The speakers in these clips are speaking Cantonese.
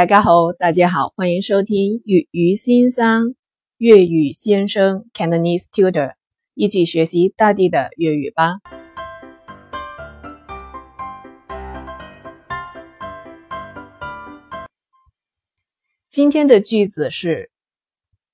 大家好，大家好，歡迎收聽魚魚心粵語先生（粵語先生，Cantonese Tutor），一起學習大地的粵語吧。今天的句子是：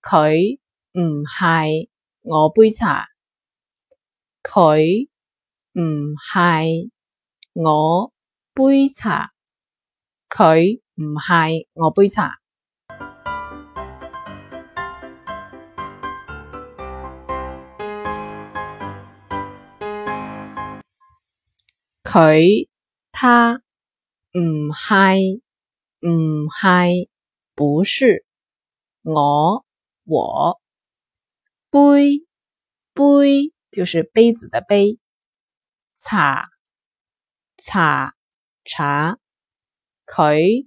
佢唔係我杯茶，佢唔係我杯茶，佢。唔係我杯茶，佢他唔係唔係，不是我我杯杯，杯就是杯子的杯茶茶茶，佢。